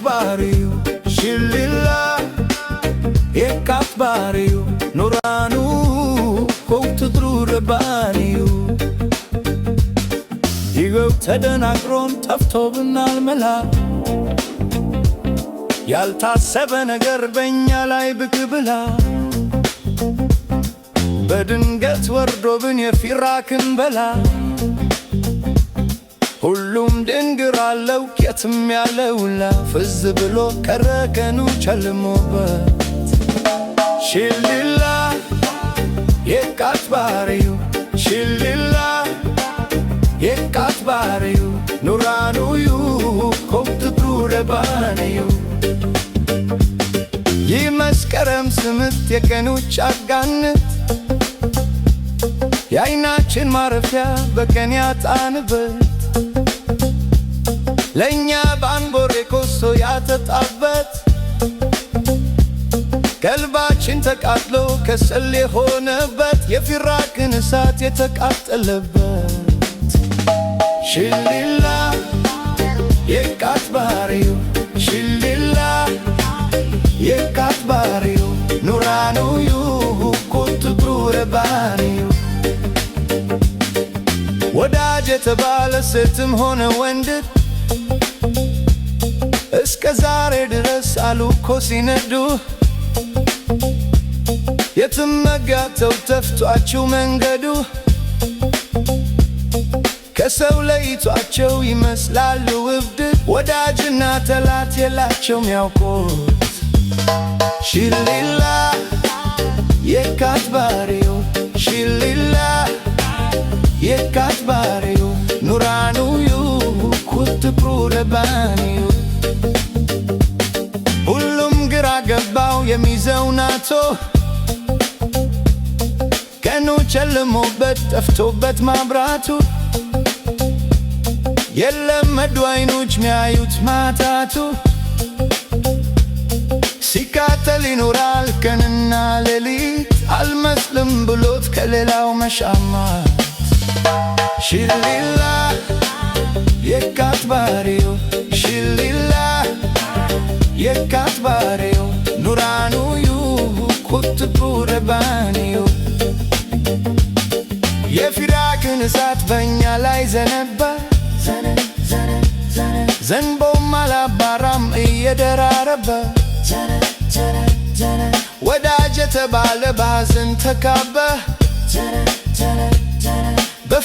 የካትባሪው ሽሊላ የካትባሪው ኖራኑ ኮውትጥሩ ረባኒው ይገው ተደናቅሮን ጠፍቶብናል መላ ያልታሰበ ነገር በእኛ ላይ ብቅ ብላ በድንገት ወርዶብን የፊራክን በላ ሁሉም ድንግር አለው የትም ያለው ላፍ ብሎ ቀረቀኑ ቸልሞበት! ሽልላ የቃት ባሪው ሽልላ የቃት ባሪው ኑራኑዩ ኮብት ብሩረባንዩ ይህ መስከረም ስምት የቀኖች አጋንት የአይናችን ማረፊያ በቀን ያጣንበት ለእኛ በአንቦሬ ኮሶ ያተጣበት ቀልባችን ተቃጥሎ ከሰል የሆነበት የፊራክን እሳት የተቃጠለበት ሽሊላ የቃት ባህሪ የተባለ ሴትም ሆነ ወንድ እስከ ዛሬ ድረስ አሉ እኮ ሲነዱ የትም መጋተው ተፍቷችሁ መንገዱ ከሰው ለይቷቸው ይመስላሉ እብድ ወዳጅና ተላት የላቸው ያውቁት ሽሊላ የካት ባሪው ሽሊላ የካት ስፍሩ ደባኒው ሁሉም ግራ ገባው የሚዘው ናቶ ቀኑ ጨልሞበት ጠፍቶበት ማብራቱ የለመዱ አይኖች ሚያዩት ማታቱ ሲካተል ይኖራል ቀንና ሌሊት አልመስልም ብሎት ከሌላው መሻማት ሽሊላ የካት የካትባሪው ሽሊላ የካት የካትባሪው ኑራኑዩ ኩትቡረባንዩ የፊራክን እሳት በእኛ ላይ ዘነባ! ዘንቦም አላባራም እየደራረበ ወዳጅ የተባለ ባዘን ተካበ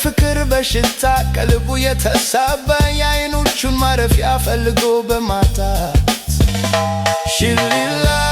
ፍቅር በሽታ ቀልቡ የተሳበ የአይኖቹን ማረፊያ ፈልጎ በማጣት ሽሊላ